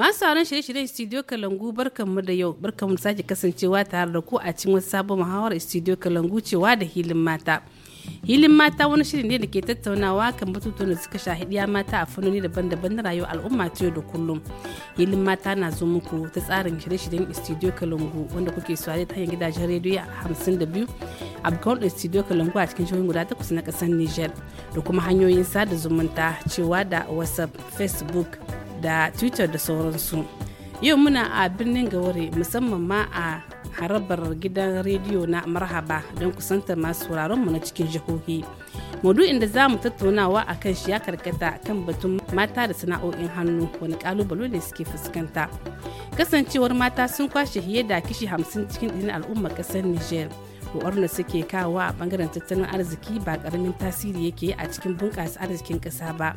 masu sauran shirye-shiryen studio kalangu barkanmu da yau barkanmu sake kasancewa tare da ku a cikin wasu sabon muhawarar studio kalangu cewa da hilin mata hilin mata wani shirin ne da ke tattaunawa kan batutuwan da suka shahi ɗiya mata a fannoni daban-daban na rayuwar al'umma ta yau da kullum hilin mata na zo muku ta tsarin shirye-shiryen studio kalungu wanda kuke saurare ta hanyar gidajen rediyo a hamsin da biyu a bukawar studio kalungu a cikin shirin guda takwas na ƙasar niger da kuma hanyoyin sada zumunta cewa da whatsapp facebook da twitter da sauransu yau muna a birnin gaware musamman ma a harabar gidan rediyo na marhaba don kusantar masu sauraron mu na cikin jihohi maudu'in da za mu tattaunawa a kan shi ya karkata kan batun mata da sana'o'in hannu wani kalubalo ne suke fuskanta kasancewar mata sun kwashe fiye da kishi hamsin cikin ɗin al'ummar ƙasar niger orna suke kawo a bangaren tattalin arziki ba karamin tasiri yake a cikin bunƙasa arzikin ƙasa ba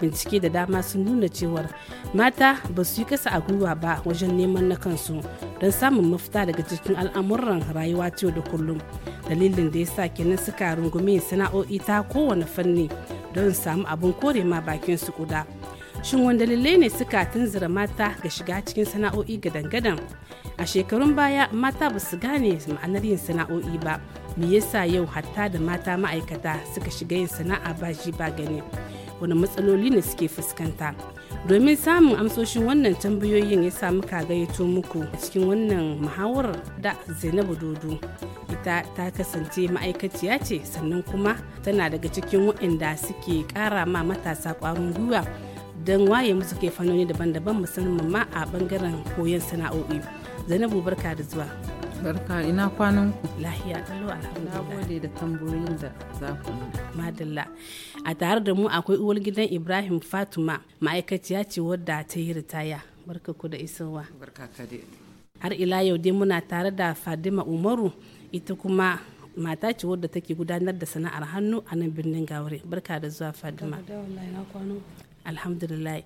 bincike da dama sun nuna cewar mata ba su yi kasa a gwiwa ba wajen neman na kansu don samun mafita daga cikin al'amuran rayuwa yau da kullum dalilin da ya sa kenan suka rungume sana'o'i ta kowane fanni don samu abin kore ma bakin su kuda shin wanda lalle ne suka tunzura mata ga shiga cikin sana'o'i gadan-gadan a shekarun baya mata ba su gane ma'anar yin sana'o'i ba me yasa yau hatta da mata ma'aikata suka shiga yin sana'a ba shi ba gani wani matsaloli ne suke fuskanta domin samun amsoshin wannan tambayoyin ya samu gayyato muku a cikin wannan muhawar da zainabu dodo ita ta kasance ma'aikaciya ce sannan kuma tana daga cikin waɗanda suke ƙara ma matasa ƙwarin gwiwa don waye musu ke fannoni daban-daban musamman ma a bangaren koyon sana'o'i zainabu barka da zuwa barka ina kwanan lahiya kallo alhamdulillah gode da tamburin da za ku madalla a tare da mu akwai uwar gidan ibrahim fatuma ma'aikaciya ce wadda ta yi ritaya barka ku da isowa barka ka har ila yau dai muna tare da fadima umaru ita kuma mata ce wadda take gudanar da sana'ar hannu a nan birnin gawari. barka da zuwa fadima alhamdulillah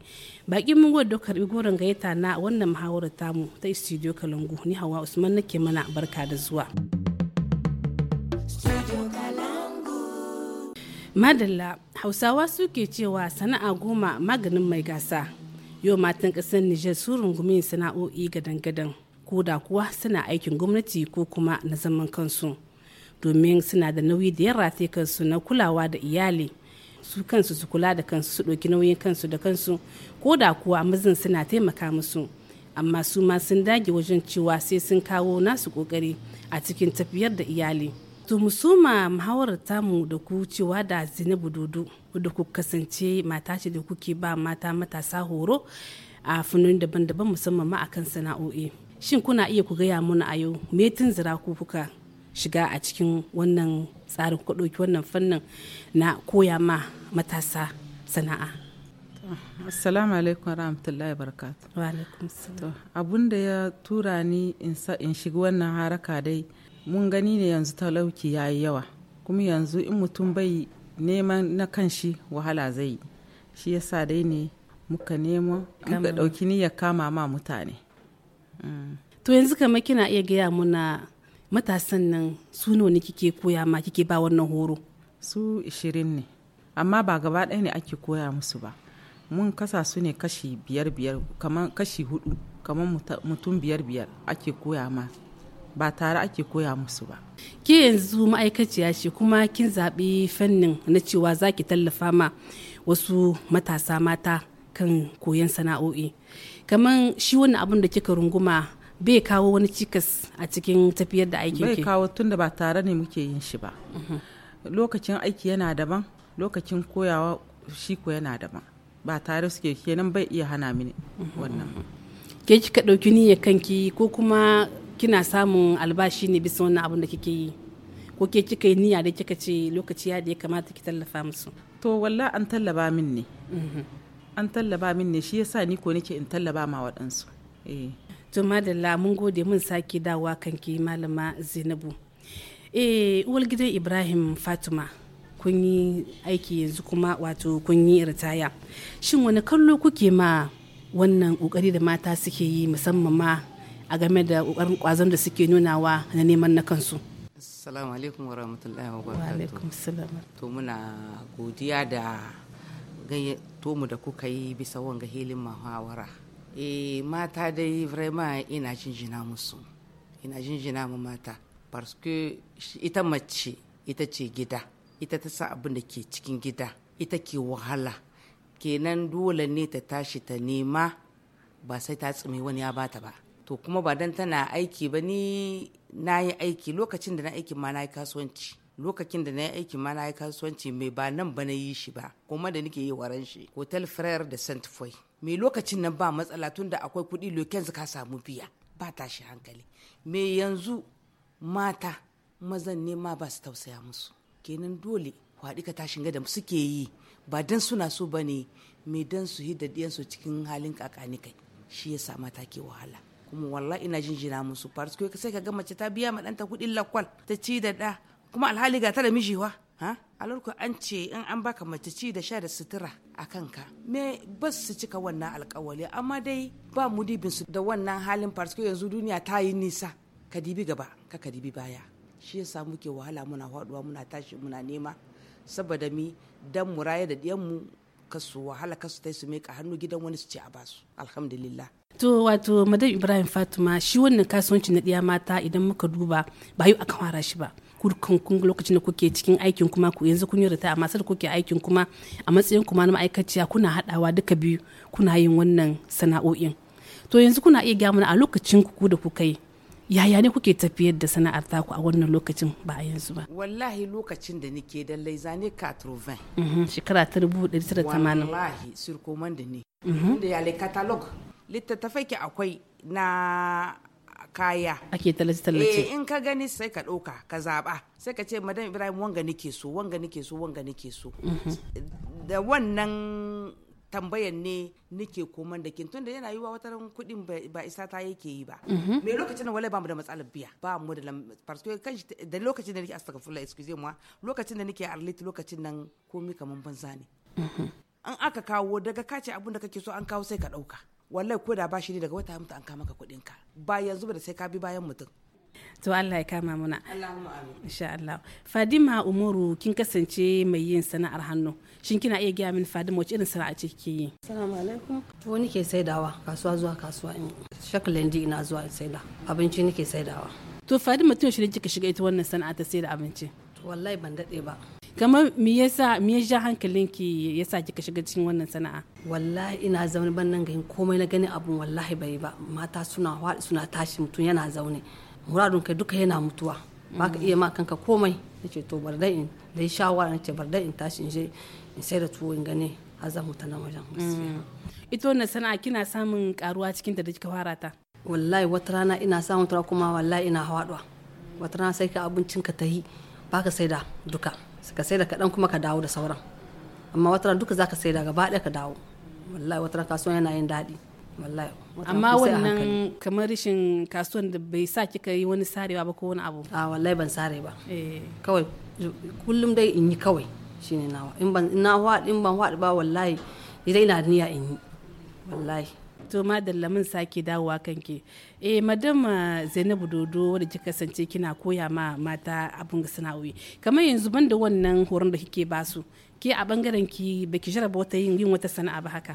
bakin mun gode karbi goron gayyata na wannan muhawarar tamu ta studio kalangu ni hawa usman nake mana barka da zuwa madalla hausawa suke cewa sana'a goma maganin mai gasa yau matan ƙasar nijar su rungumi sana'o'i gadan-gadan ko da kuwa suna aikin gwamnati ko kuma na zaman kansu domin suna da nauyi da yan kansu na kulawa da iyali su kansu su kula da kansu su ɗauki nauyin kansu da kansu ko da kuwa mazan suna taimaka musu amma su ma sun dage wajen cewa sai sun kawo nasu kokari a cikin tafiyar da iyali to suma muhawarar tamu da ku cewa da zinabu dodo da ku kasance mata ce da kuke ba mata matasa horo a fannoni daban-daban musamman ma a kan sana'o'i shin kuna iya ku gaya mana a yau me tun zira ku kuka shiga a cikin wannan tsarin kudoki wannan fannin na koya ma matasa sana'a assalamu alaikum rahmatullahi barakatu abun da ya tura ni in shiga wannan haraka dai mun gani ne yanzu talauki ya yi yawa kuma yanzu in mutum bai neman na kan shi wahala zai yi shi yasa dai ne muka nemo muka ni ya kama ma mutane mm. to yanzu kama kina iya gaya muna matasan nan su nawa ne kike koya ma kike ba wannan horo su 20 ne amma ba gaba ɗaya ne ake koya musu ba mun kasa su ne kashi biyar biyar kamar kashi hudu kamar mutum biyar biyar ake koya ma ba tare ake koya musu ba ke yanzu ma'aikaciya ce kuma kin zaɓi fannin na cewa za ki tallafa ma wasu matasa mata kan koyon sana'o'i kamar shi wani abin da kika runguma bai kawo wani cikas a cikin tafiyar da aikin bai kawo tun da ba tare ne muke yin shi ba lokacin aiki yana daban lokacin koyawa shi ko yana daban ba tare suke kenan bai iya hana mini wannan ke kika ɗauki ya kanki ko kuma kina samun albashi ne bisa wannan abin da kike yi ko ke kika yi niyya da kika ce lokaci ya da ya kamata ki tallafa musu to walla an tallaba min ne mhm. an tallaba min ne shi yasa ni ko nake in tallaba ma waɗansu eh. to madalla mun gode mun sake dawa kanki malama zainabu eh uwar gidan ibrahim fatima kun yi aiki yanzu kuma wato kun yi ritaya shin wani kallo kuke ma wannan kokari da mata suke yi musamman ma a game da kokarin kwazon da suke nunawa na neman na kansu assalamu alaikum wa rahmatullahi wa barakatuh to muna godiya da gayyato mu da kuka yi bisa wanga hilin muhawara e mata dai vraiment ina jinjina musu ina jinjina mu mata parce ita mace ita ce gida ita ta sa abin da ke cikin gida ita ke wahala kenan dole ne ta tashi ta nema ba sai ta tsumi wani ya bata ba to kuma ba dan tana aiki ba ni na yi aiki lokacin da na aiki ma na yi kasuwanci lokacin da na yi aiki ma na yi kasuwanci mai ba nan ba na yi shi ba kuma da nake yi waran shi hotel frere da saint foy me lokacin nan ba matsala tun da akwai kuɗi lokensu ka samu biya ba tashi hankali me yanzu mata mazan ne ma ba su tausaya musu kenan dole kwaɗi ka tashin gada suke yi ba dan suna so ba ne mai dan su hidda diyansu cikin halin kakani kai shi ya sa mata ke wahala kuma wallahi ina jinjina musu parce sai ka ga mace ta biya ma ɗanta kuɗin lakwal ta ci da ɗa kuma alhali ga ta da mijiwa ha a an ce in an baka mace ci da sha da sutura a kanka me ba su cika wannan alkawali amma dai ba mu dibin su da wannan halin farsko yanzu duniya ta yi nisa ka dibi gaba ka ka dibi baya shi yasa muke wahala muna faduwa muna tashi muna nema saboda mi dan mu da diyan mu kasu wahala kasu tai su meka hannu gidan wani su ce a basu alhamdulillah to wato madam ibrahim fatima shi wannan kasuwanci na diya mata idan muka duba ba yau aka fara shi ba kurkan kun lokacin da kuke cikin aikin kuma ku yanzu kun yi rita amma sai kuke aikin kuma a matsayin kuma na ma'aikaciya kuna haɗawa duka biyu kuna yin wannan sana'o'in to yanzu kuna iya gaya mana a lokacin ku da kuka yi yaya ne kuke tafiyar da sana'ar taku a wannan lokacin ba a yanzu ba wallahi lokacin da nake da laizane 80 mhm, shekara ta 1980 wallahi surkoman da ne mhm. inda ya le catalog littattafai ke akwai na kaya ake tallace tallace eh in ka gani sai ka ɗauka ka zaɓa sai ka ce madam ibrahim wanga nake so wanga nake so wanga nake so mm-hmm. da wannan tambayan ne nake koman da kin tunda yana yiwa wata ran kuɗin ba isa ta yake yi ba mm-hmm. me lokacin da wallahi ba mu da matsalar biya ba mu da parce que kan da lokacin da nake astagfirullah excuse moi lokacin da nake arlit lokacin nan komai kaman banza ne mm-hmm. an aka kawo daga kace abin da kake so an kawo sai ka ɗauka wallahi ko da bashi ne daga wata mutu an kama ka kuɗin ka ba yanzu ba da sai ka bi bayan mutum to Allah ya kama muna insha Allah Fadima Umaru kin kasance mai yin sana'ar hannu shin kina iya gaya min Fadima wace irin sana'a ce kike yi Assalamu alaikum to ke saidawa kasuwa zuwa kasuwa in shakalendi ina zuwa saida abinci nike saidawa to Fadima tun shirin kika shiga ita wannan sana'a ta saida abinci wallahi ban daɗe ba kamar me yasa me ya ja ki yasa kika shiga cikin wannan sana'a wallahi ina zaune ban nan ganin komai na gani abun wallahi bai ba mata suna suna tashi mutum yana zaune muradun kai duka yana mutuwa ba ka iya ma kanka komai nace to bar dai in dai shawara nace bar dai in tashi in je in sai da tuwo in gane har zan mutu nan wajen mm. ito na sana'a kina samun karuwa cikin da kika fara ta wallahi wata rana ina samun tura kuma wallahi ina hawaɗuwa wata rana sai ka abincin ka ta yi ba ka saida duka ka saida kaɗan kuma ka dawo da sauran amma wata duka za ka saida gaba ɗaya ka dawo wallahi wata kasuwan yana yin daɗi wallahi amma wannan kamar rashin kasuwan da bai sa kika yi wani sarewa ba ko wani abu a wallahi ban sare ba eh. kawai kullum dai in yi kawai shine nawa in ban na in ban ba wallahi idan na niyya in yi wallahi to madalla mun sake dawowa kanke eh madam eh, zainabu dodo wadda kika kasance kina koya ma mata abin sana'o'i kamar yanzu banda wannan horon da kike basu ke a bangaren ki baki jaraba wata yin wata sana'a ba haka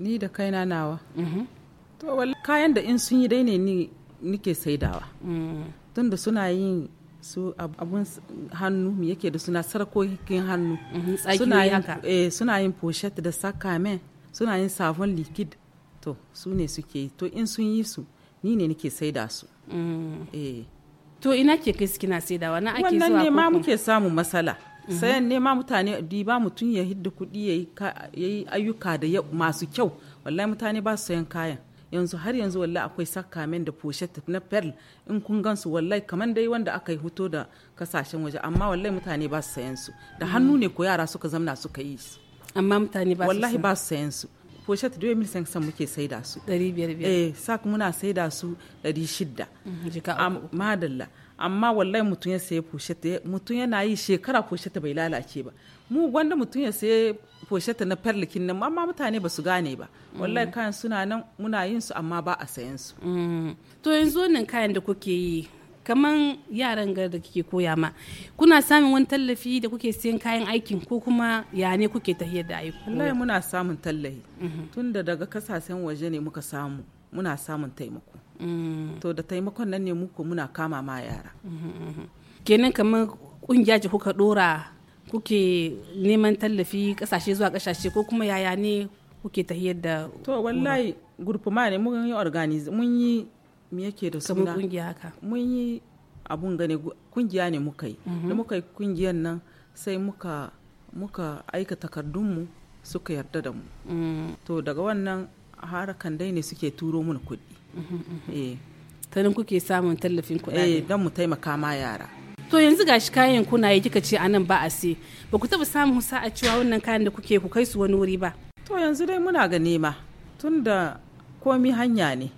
ni da kaina nawa mm-hmm. to kayan da in sun yi dai ne ni nike saidawa mm. tunda suna yin su abun hannu mu yake da suna sarkokin hannu mm-hmm, eh, suna yin pochette da sakame suna yin savon liquide. to su ne suke yi to in sun yi su ni ne nake saida su mm. eh to ina ke kai na saida wa na ake zuwa wannan ne ma muke samun matsala mm-hmm. sayan ne ma mutane ba mutum ya hidda kuɗi ya yi ayyuka da masu kyau wallahi mutane ba su sayan kayan yanzu har yanzu wallahi akwai sakamen da poshet na pearl in kun gansu wallahi kamar dai wanda aka yi hoto da kasashen waje amma wallahi mutane ba su sayan su da mm. hannu ne ko yara suka zamna suka yi su amma mutane ba su wallahi ba su sayan su poshet 2500 muke saida su 500 eh sak muna saida su 600 mm, madalla amma wallahi mutum ya sai poshet mutum yana yi shekara poshet bai lalace ba mu gwanda mutum ya sai poshet na perlikin nan amma mutane ba su gane ba mm. wallahi kayan suna nan muna yin su amma ba a sayan su mm. to yanzu wannan kayan da kuke yi kamar yaran gar da kike koya ma kuna samun wani tallafi da kuke siyan kayan aikin ko kuma ya ne kuke tahiyar da aiki wallahi muna samun tallafi mhm. tunda daga kasashen waje ne muka samu muna samun taimako mm. to da taimakon nan ne muku muna kama ma yara mhm, mhm. kenan kamar kungiya ce kuka dora kuke neman tallafi kasashe zuwa kasashe ko kuma yaya ne kuke tahiyar da to wallahi gurfuma ne mun yi organize mun yi me yake da suna kungiya haka mun yi abun gane kungiya ne muka yi mhm. da muka yi kungiyan nan sai muka aika takardunmu suka yarda da mu mm. to daga wannan harakan dai ne suke turo mun kuɗi mhm, mhm. Eh. ta nan kuke samun tallafin kuɗaɗe eh don mu taimaka ma yara to yanzu gashi kayan kuna yi kika ce anan ba a sai ba ku taɓa samun sa'a cewa wannan kayan da kuke ku kai su wani wuri ba to yanzu dai muna ga nema tunda komi hanya ne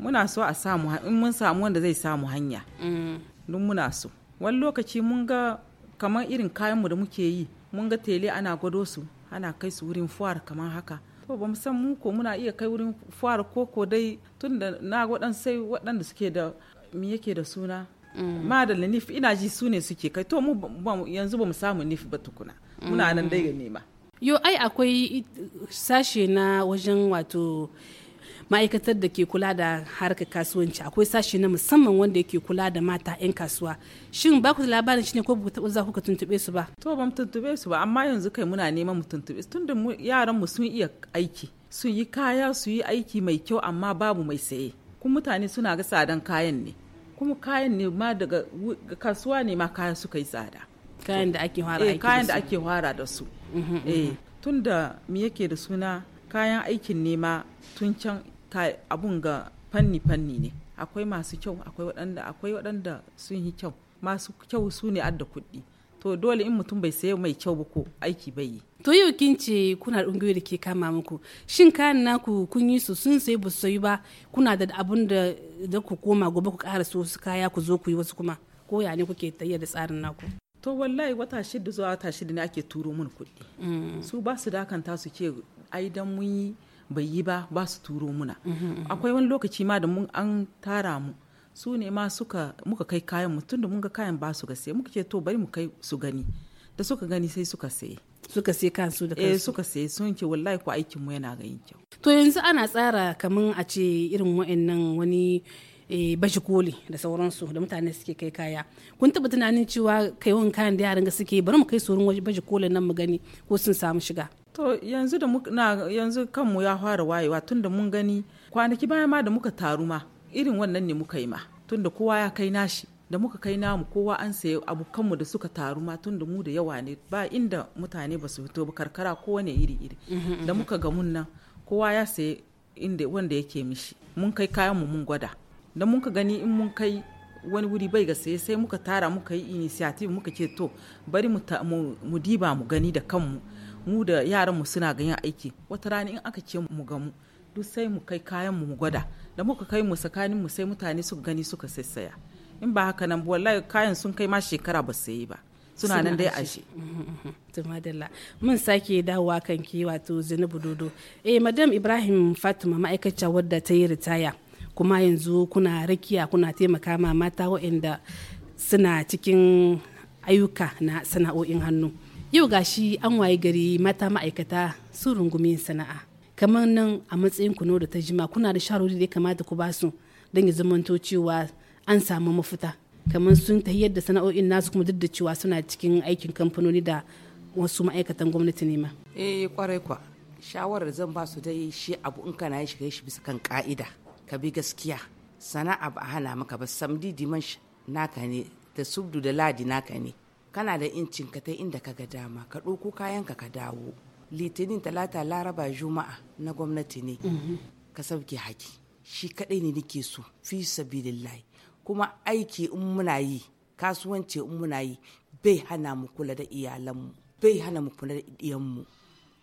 muna so a samu in mun samu wanda zai samu hanya mm. duk muna so wani lokaci mun ga kamar irin kayanmu da muke yi mun ga tele ana gwado su ana kai su wurin fuwar kamar haka to ba san mu ko muna iya kai wurin fuwar koko dai tun da na waɗan sai waɗanda suke da mi yake da suna mm. da nif ina ji su ne suke kai to mu yanzu ba mu samu nif ba tukuna muna nan dai ga mm. nema yo ai akwai sashe na wajen wato ma'aikatar da ke kula da harkar kasuwanci akwai sashi na musamman wanda yake kula da mata 'yan kasuwa shin ba ku labarin shi ne ko ku za ku ka su ba to mu tuntuɓe su ba amma yanzu kai muna neman mu tuntube su tunda yaran mu sun iya aiki sun yi kaya su yi aiki mai kyau amma babu mai saye kuma mutane suna ga tsadan kayan ne kuma kayan ne ma daga kasuwa ne ma kayan suka yi tsada kayan da ake hwara eh, aiki kayan da ake hwara da su mhm, mhm. eh, tunda me yake da suna kayan aikin nema tun can abun ga fanni-fanni ne akwai masu kyau akwai waɗanda akwai waɗanda sun yi kyau masu kyau su ne adda kuɗi to dole in mutum bai sayo mai kyau ba ko aiki bai yi to yau kin ce kuna da da ke kama muku shin kayan naku kun yi su sun sai ba su sayi ba kuna da abun da da ku koma gobe ku ƙara su wasu kaya ku zo ku yi wasu kuma ko ya ne kuke tayar da tsarin naku to wallahi wata shida zuwa wata shida ne ake turo mun kuɗi mm. su ba su dakanta su ce ai dan mun yi bai yi ba ba su turo muna mhm, mhm. akwai wani lokaci ma da mun an tara mu su ne ma suka muka kai kayan mu tunda mun ga kayan ba su gase muka ce to bari mu kai su gani da suka gani sai suka saye suka sai eh, kansu da kansu eh suka sai sun ce wallahi ko aikin mu yana ganin kyau to yanzu ana tsara kaman a ce irin wa'annan wani e, eh, bashi koli da sauransu da mutane suke kai kaya kun taba tunanin cewa kai wani kayan da yaran suke bari mu kai su wurin bashi kolin nan mu gani ko sun samu shiga to yanzu da yanzu kanmu ya fara wayewa tun da mun gani kwanaki baya ma da muka taru ma irin wannan ne muka yi ma tun da kowa ya kai nashi da muka kai namu kowa an sayi abokanmu da suka taru ma tun da mu da yawa ne ba inda mutane ba su fito ba karkara ko kowane iri iri mm-hmm. da muka ga mun nan kowa ya sayi inda wanda yake mishi mun kai kayan mu mun gwada da muka gani in mun kai wani wuri bai ga saye sai muka tara muka yi initiative muka ce to bari mu diba mu gani da kanmu mu da yaran mu suna ganin aiki wata rana in aka ce mu gamu duk sai mu kai kayan mu gwada da muka kai mu tsakanin mu sai mutane suka gani suka sassaya in ba haka nan wallahi kayan sun kai ma shekara ba yi ba suna nan dai ashe tumadalla mun sake dawowa kan ki wato zinubu dodo eh madam ibrahim fatima ma'aikaciya wadda ta yi ritaya kuma yanzu kuna rakiya kuna taimaka ma mata waɗanda suna cikin ayyuka na sana'o'in hannu yau gashi an waye gari mata ma'aikata sun rungumi sana'a kamar nan a matsayin ku da ta jima kuna da sharori da ya kamata ku basu don ya zamanto cewa an samu mafita kamar sun ta yadda sana'o'in nasu kuma duk da cewa suna cikin aikin kamfanoni da wasu ma'aikatan gwamnati ne ma eh kwarai kwa shawarar zan ba su dai shi abu in kana shi kai shi bisa kan ka'ida ka bi gaskiya sana'a ba hana maka ba samdi dimansh naka ne da subdu da ladi naka ne kana da incin ka ta inda ka ga dama ka ɗauko kayan ka ka dawo litinin talata laraba juma'a na gwamnati ne mhm. ka sauke haki shi kaɗai ne nake so fi sabilillahi kuma aiki in muna yi kasuwanci in muna yi bai hana mu kula da iyalanmu bai hana mu kula da iyanmu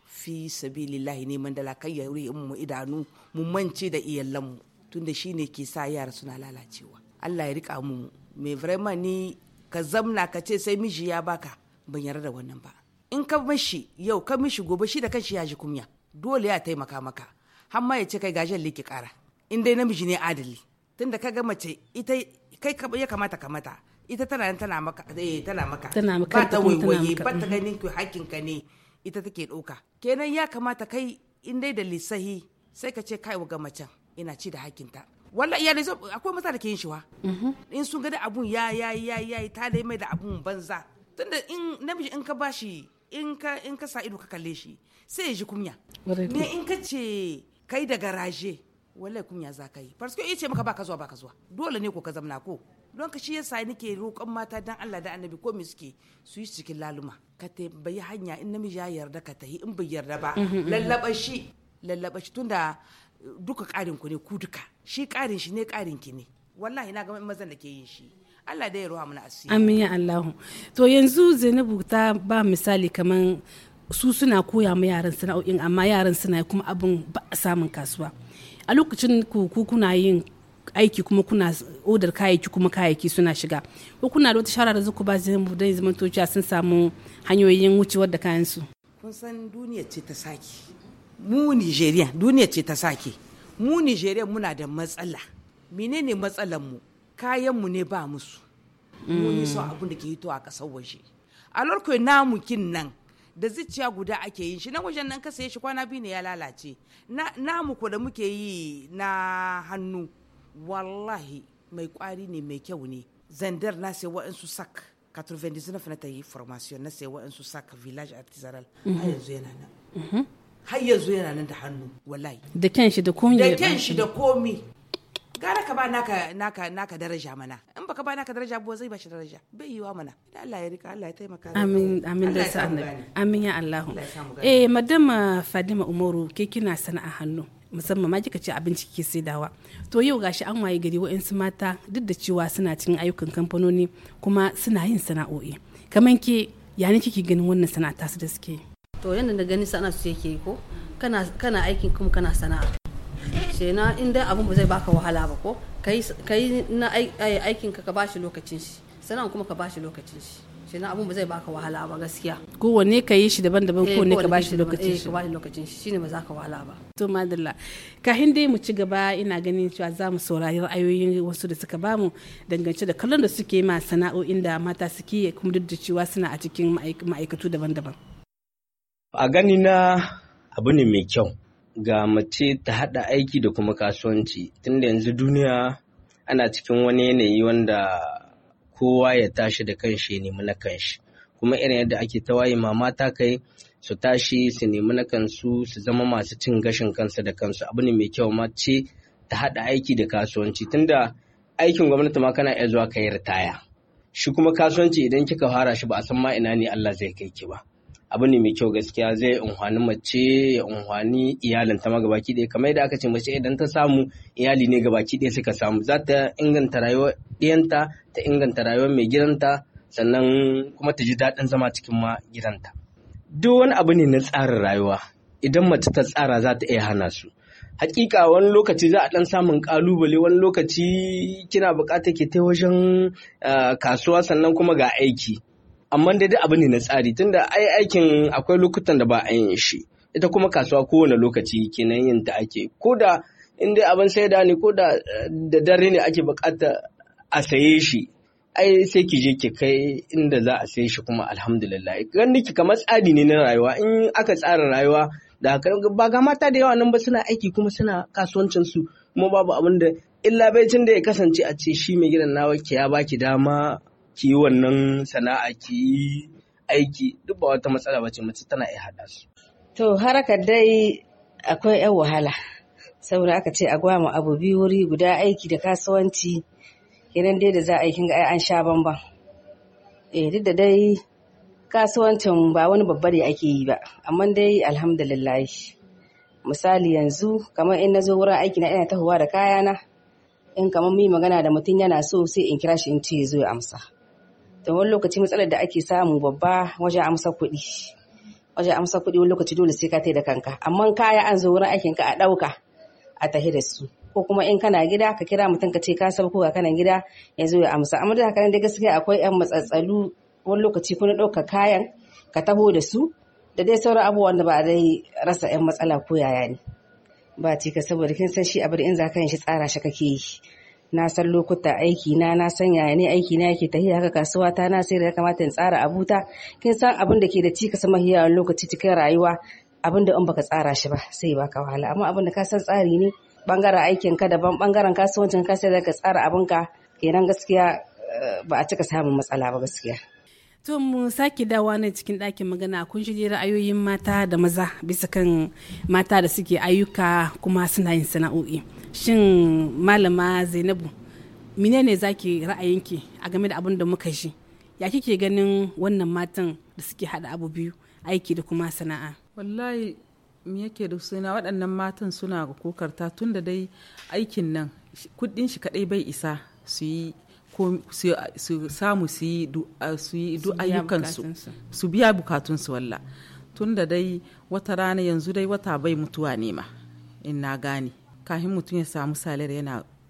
fi sabilillahi neman dala kai ya mu idanu mu mance da iyalanmu tunda shine ke sa yara suna lalacewa Allah ya rika mu me vraiment ni ka zamna ka ce sai miji ya baka ban yarda da wannan ba in ka mishi yau ka mishi gobe shi da kanshi ya ji kunya dole ya taimaka maka har ma ya ce kai gajen liki kara in dai namiji ne adali tunda ka ga mace ita kai ya kamata ka ita tana tana maka eh tana maka tana maka ba ta waiwaye ba ta mm-hmm. ganin ki hakkin ka ne ita take ɗauka kenan ya kamata kai in dai da lisahi sai ka ce kai ga macen ina ci da hakinta wallahi iyalai so akwai maza da ke yin shiwa in sun ga da abun ya ya ya ya ta da mai da abun banza tunda in namiji in ka bashi in ka in ka sa ido ka kalle shi sai ya ji kunya me in ka ce kai da garaje wallahi kunya za ka yi parce ce maka baka zuwa baka zuwa dole ne ko ka zamna ko don ka shi yasa nake roƙon mata dan Allah da Annabi ko me suke su yi cikin laluma ka ta tambayi hanya in namiji ya yarda ka ta yi in bai yarda ba mhm, mhm, mhm. lallaba shi lallaba tunda duka ƙarin ku ne ku duka shi ƙarin shi ne ƙarin ki ne wallahi na ga mazan da ke yin shi Allah da ya ruwa mana asiri amin ya Allahu to yanzu Zainabu ta ba misali kaman su suna koya ma yaran sana'o'in amma yaran suna kuma abun ba samun kasuwa a lokacin ku kuna yin aiki kuma kuna odar kayayyaki kuma kayayyaki suna shiga ko kuna da wata shara da zuku ba Zainabu dan zaman sun samu hanyoyin wucewar da kayan su kun san duniya ce ta saki mu nigeria duniya ce ta sake mu nigeria muna da matsala menene matsalan mu kayan mu ne ba musu mun yi son mm. da ke hito a kasar waje a lokacin namu kin nan da zuciya guda ake yin shi na wajen nan ka saye shi kwana biyu ne ya lalace namu ko da muke yi na hannu wallahi mai kwari ne mai kyau ne zandar na sai wa'ansu sak 99 na ta yi formation na sai wa'ansu sak village artisanal a mhm. yanzu yana nan mhm. har yanzu yana nan da hannu wallahi da kyan shi da komi da kyan shi da komi gara ka ba naka naka naka daraja mana in baka ba naka daraja ba zai ba shi daraja bai yi wa mana da Allah ya rika Allah ya taimaka amin amin da sa annabi amin ya Allah eh madama Fadima Umaru ke kina sana'a hannu musamman ma kika ce abinci ke saidawa to yau gashi an waye gari wa'ansu mata duk da cewa suna cikin ayyukan kamfanoni kuma suna yin sana'o'i kamar ke ya ne kike ganin wannan sana'a ta su da suke to yadda da gani sana'a su yake yi ko kana aikin kuma kana sana'a na in dai abin ba zai baka wahala ba ko kai na aikin ka ka bashi lokacin shi sana'a kuma ka bashi lokacin shi shi na abun ba zai baka wahala ba gaskiya ko kowanne ka yi shi daban-daban ne ka bashi lokacin eh, shi ka bashi lokacin shi shine ba za ka wahala ba to madalla ka dai mu ci gaba ina ganin cewa za mu saurari ra'ayoyin wasu da suka bamu dangance da kallon da suke ma sana'o'in da mata suke kuma duk da cewa suna a cikin ma'aikatu daban-daban A gani na abu ne mai kyau ga mace ta haɗa aiki da kuma kasuwanci tunda yanzu duniya ana cikin wani yanayi wanda kowa ya tashi da kanshi ya nemi na kanshi kuma irin yadda ake ta waye mata mata kai su tashi su nemi na kansu su zama masu cin gashin kansa da kansu abu ne mai kyau mace ta haɗa aiki da kasuwanci tunda aikin gwamnati ma kana iya zuwa ka yi ritaya shi kuma kasuwanci idan kika fara shi ba a san ma ina ne Allah zai kai ki ba abu ne mai kyau gaskiya zai unhwani mace ya unhwani iyalin ta gabaki ɗaya kamar yadda aka ce mace idan ta samu iyali ne gabaki ɗaya suka samu za ta inganta rayuwar ɗiyanta ta inganta rayuwar mai gidanta sannan kuma ta ji daɗin zama cikin ma gidanta duk wani abu ne na tsarin rayuwa idan mace ta tsara za ta iya hana su hakika wani lokaci za a ɗan samun ƙalubale wani lokaci kina bukatar ke ta wajen eh, kasuwa sannan kuma ga aiki amma dai duk abu ne na tsari tunda ai aikin akwai lokutan da ba a yin shi ita kuma kasuwa kowane lokaci kenan yin ta ake ko da in dai abin saida ne ko da eh, da dare ne ake bukata a saye shi ai sai ki je ki kai inda za a saye shi kuma alhamdulillah ganin niki kamar tsari ne na rayuwa in aka tsara rayuwa da haka ba ga mata da yawa nan ba suna aiki kuma suna kasuwancin su kuma babu abin da illa bai tun da ya kasance a ce shi mai gidan nawa ki ya baki dama ki wannan sana'a ke aiki duk ba wata matsala ba ce mace tana iya haɗa su. To harakar dai akwai 'yan wahala saboda aka ce a gwama abu biyu wuri guda aiki da kasuwanci kenan dai da za a yi an sha bamban. Eh duk da dai kasuwancin ba wani babba ne ake yi ba amma dai alhamdulillah misali yanzu kamar in na zo wurin aiki na ina tahowa da kayana in kamar mai magana da mutum yana so sai in kira shi in ce zo ya amsa. Da wani lokaci matsalar da ake samu babba wajen amsa kuɗi wajen amsa kuɗi wani lokaci dole sai ka tai da kanka amma kaya an zo wurin aikin ka a ɗauka a tahi da su ko kuma in kana gida ka kira mutum ka ce ka san ko kana gida ya zo ya amsa amma da haka nan da gaskiya akwai yan matsatsalu wani lokaci kuna ɗauka kayan ka taho da su da dai sauran abubuwan da ba a dai rasa yan matsala ko yaya ne ba ce saboda kin san shi a bar in za ka yin shi tsara shi kake yi na san lokuta aiki na na san yaya ne aiki na yake tafiya haka kasuwa ta na sai da ya kamata in tsara abuta kin san abin da ke da hiya a lokaci cikin rayuwa abin da in baka tsara shi ba sai baka wahala amma abin da ka san tsari ne bangaren aikin ka daban bangaren kasuwancin ka sai da ka tsara abin ka kenan gaskiya eh, ba a cika samun matsala ba gaskiya to mu sake dawa nan cikin dakin magana kun shirye ra'ayoyin mata da maza bisa kan mata da suke ayyuka kuma suna yin sana'o'i shin malama zainabu menene zaki ra'ayinki a game da abin da muka shi ya kike ganin wannan matan da suke hada abu biyu aiki da kuma sana'a wallahi me yake da suna waɗannan matan suna kokarta tun da dai aikin nan kudin shi kadai bai isa su yi su samu su yi ayyukansu su biya bukatunsu walla tun da dai wata rana yanzu dai wata bai mutuwa ne ma in na gane kahin mutum ya samu salar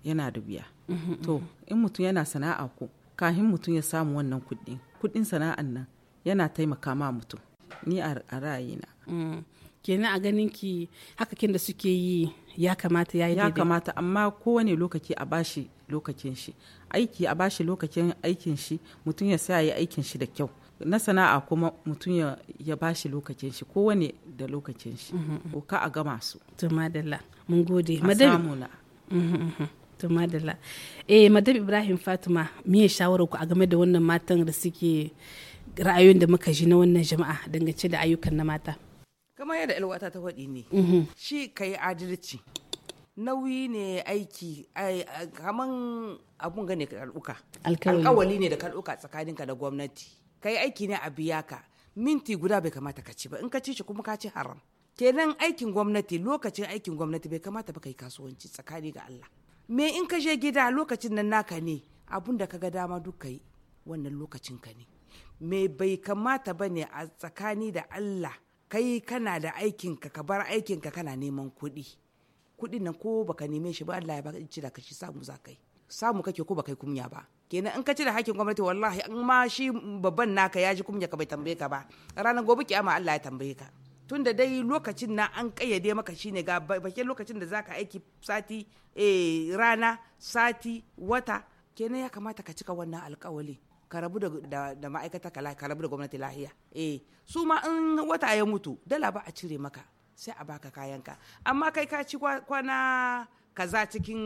yana da biya mm-hmm, to mm-hmm. in mutum yana sana'a ko kahin mutum ya samu wannan kuɗi kuɗin sana'an nan yana taimaka ma mutum ni a ra'ayina mm. kenan a ganin ki hakakin da suke yi ya kamata ya yi ya kamata amma kowane lokaci a bashi lokacin shi aiki a bashi lokacin aikin shi mutum ya sa ya aikin shi da kyau na sana'a kuma mutum ya ba shi lokacin shi kowane da lokacin shi ko mm-hmm, mm-hmm. ka a gama su to madalla mun gode madalla mm-hmm, to madalla eh madam ibrahim fatima me shawara ku a game da wannan matan da suke ra'ayoyin da muka ji na wannan jama'a dangance da ayyukan na mata kamar yadda alwata ta faɗi ne shi ka yi adalci nauyi ne aiki kaman abun gane ka alƙawali ne da ka tsakaninka da gwamnati ka yi aiki ne a biya ka minti guda bai kamata ka ci ba in ka ci shi kuma ka ci haram kenan aikin gwamnati lokacin aikin gwamnati bai kamata ba kai kasuwanci tsakani ga Allah me in ka je gida lokacin nan naka ne abun da ka ga dama duk kai wannan lokacin ka ne me bai kamata ba ne a tsakani da Allah kai kana da aikinka ka bar aikinka kana neman kuɗi kuɗin nan ko baka neme shi ba Allah ya baka ci da kashi samu za kai samu kake ko baka kunya ba kenan in ka cire hakkin gwamnati wallahi in ma shi babban naka ya ji kunya ka bai tambaye ka ba ranar gobe kiyama Allah ya tambaye ka tunda dai lokacin na an kayyade maka shine ga bakin lokacin da zaka aiki sati eh, rana sati wata kenan ya kamata ka cika wannan alkawali ka rabu da, da, ma'aikata ka, ka rabu da gwamnati lahiya eh su ma in wata ya mutu dala ba a cire maka sai a baka kayanka amma kai ka ci kwana kaza cikin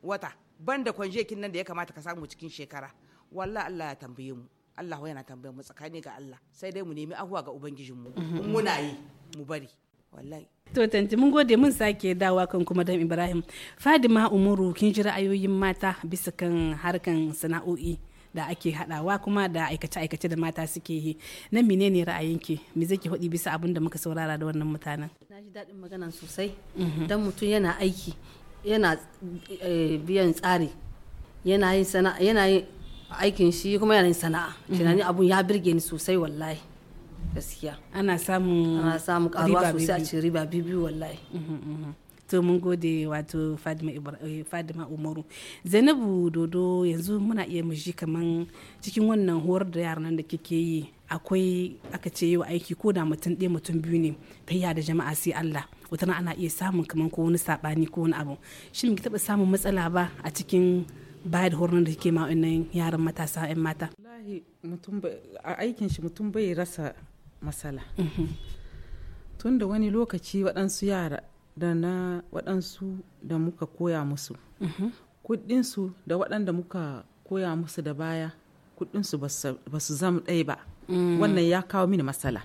wata ban da kwanjekin nan da ya kamata ka samu cikin shekara wallah Allah ya tambaye mu Allah yana tambaye mu tsakani ga Allah sai dai mu nemi ahuwa ga ubangijin mu mhm. muna yi mu bari wallahi to tanti mun gode mun sake dawa kan kuma dan Ibrahim Fadima Umaru kin ji ra'ayoyin mata bisa kan harkan sana'o'i da ake hadawa kuma da aikace-aikace da mata suke yi na menene ra'ayinki me zaki hodi bisa abin da muka saurara da wannan mutanen na ji daɗin magana sosai mhm. dan mutum yana aiki yana eh, biyan tsari yana yin sana'a yana yin aikin shi kuma yana yin sana'a mm-hmm. tunanin abun ya birge ni sosai wallahi gaskiya ana samun ana samun karuwa sosai a cikin riba bibi wallahi mm-hmm, mm-hmm. to mun gode wato eh, fadima umaru zainabu dodo yanzu muna iya mu kamar kaman cikin wannan horar da yaran da kike yi akwai aka ce yau aiki ko da mutum ɗaya mutum biyu ne ta yi da jama'a sai Allah wata ana iya samun kamar ko wani saɓani ko wani abu shin ki taɓa samun matsala ba a cikin baya da horon da kike ma wannan yaran matasa ƴan mata wallahi mutum a aikin shi mutum bai rasa matsala mm-hmm. tun da wani lokaci waɗansu yara da na waɗansu da muka koya musu mm-hmm. kuɗinsu da waɗanda muka koya musu da baya kuɗinsu ba su zama ɗaya ba Mm. wannan ya kawo mini matsala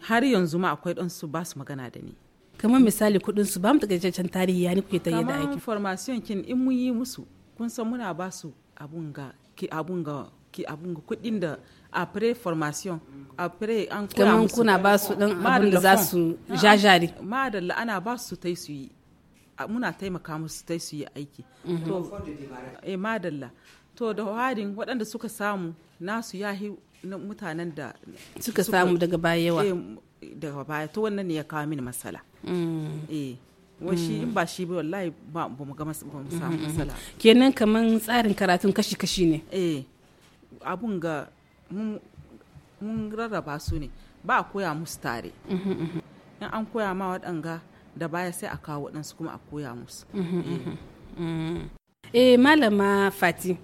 har yanzu ma akwai su ba su magana da ni kamar misali kuɗin su ba mu takaitaccen tarihi ya ni kuke ta yadda aiki formation kin in mun yi musu kun san muna ba su abun ga ki abun ga ki abun ga kuɗin da après formation après an kula musu kuna ba su dan abun da za su jajare madalla ana ba su tai su yi muna taimaka musu tai su yi aiki mm-hmm. to eh madalla to da harin waɗanda suka samu nasu ya mutanen da suka samu daga baya yawa eh, daga baya to wannan ne ya kawo mini matsala mm. eh washi in mm. ba shi ba wallahi ba mu ga samu mm, matsala kenan kaman tsarin karatun kashi kashi ne eh abun ga mun rarraba su ne ba a koya musu tare mm-hmm, mm-hmm. in an koya ma waɗanga da baya sai a kawo waɗansu kuma a koya musu mm-hmm, eh. eh malama fati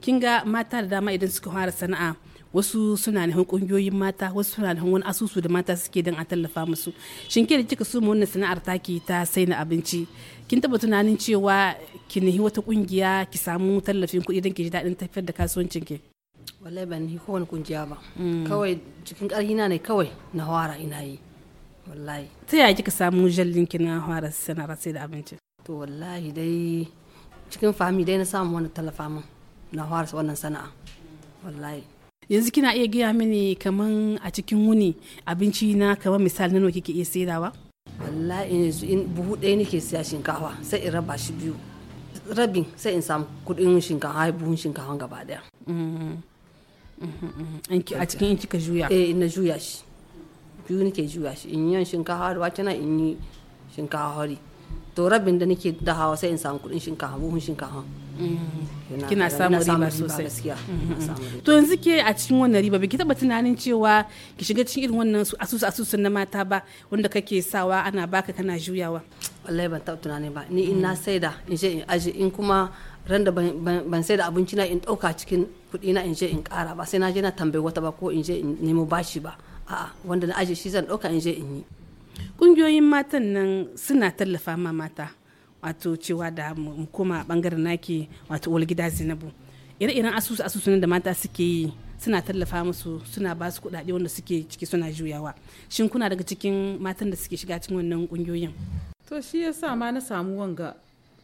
kin ga mata da dama idan suka fara sana'a wasu suna nufin kungiyoyin mata wasu suna nufin wani asusu da mata suke don a tallafa musu shin ke da kika su wannan sana'ar taki ta sai na abinci kin taba tunanin cewa ki nihi wata kungiya ki samu tallafin kuɗi don ki ji daɗin tafiyar da kasuwancin ki wallahi ban nihi kowane kungiya ba mm. kawai cikin ƙarfi na ne kawai na hawara ina yi wallahi ta yaya kika samu jallin ki na hawara sana'ar sai da abinci to wallahi dai cikin fahimi dai na samu wani tallafa min na hawara wannan sana'a wallahi yanzu kina iya gaya mini kaman a cikin wuni abinci na kamar misali nawa kike iya sayarwa. wallahi yanzu in buhu ɗaya nake siya shinkafa sai in raba shi biyu rabin sai in samu kuɗin shinkafa buhun shinkafa gaba ɗaya mm-hmm. Mm-hmm. a cikin in kika juya eh ina juya shi biyu nake juya shi in yi shinkafa da wake na in yi shinkafa hori to rabin da nake hawa sai in samu kudin shinkafa buhun shinkafa mm-hmm. kina samu riba sosai mm-hmm. to yanzu ke a cikin wannan riba biki taba tunanin cewa ki shiga cikin irin wannan asusu asusun na mata ba wanda kake sawa ana baka kana juyawa wallahi ban taba tunani ba ni in na mm-hmm. saida in je in aje in kuma ran da ban saida abinci na in ɗauka cikin kuɗi na in je in kara ba sai na je na tambayi wata ba ko in je in nemo bashi ba a'a wanda na aje shi zan ɗauka in je in yi kungiyoyin matan nan suna tallafa ma mata wato cewa da mu koma bangaren naki wato walgida zinabu ire-iren asusu asusunan da mata suke yi suna tallafa musu suna ba su kuɗaɗe wanda suke ciki suna juyawa shin kuna daga cikin matan da suke shiga cikin wannan kungiyoyin to shi yasa ma na samu wanga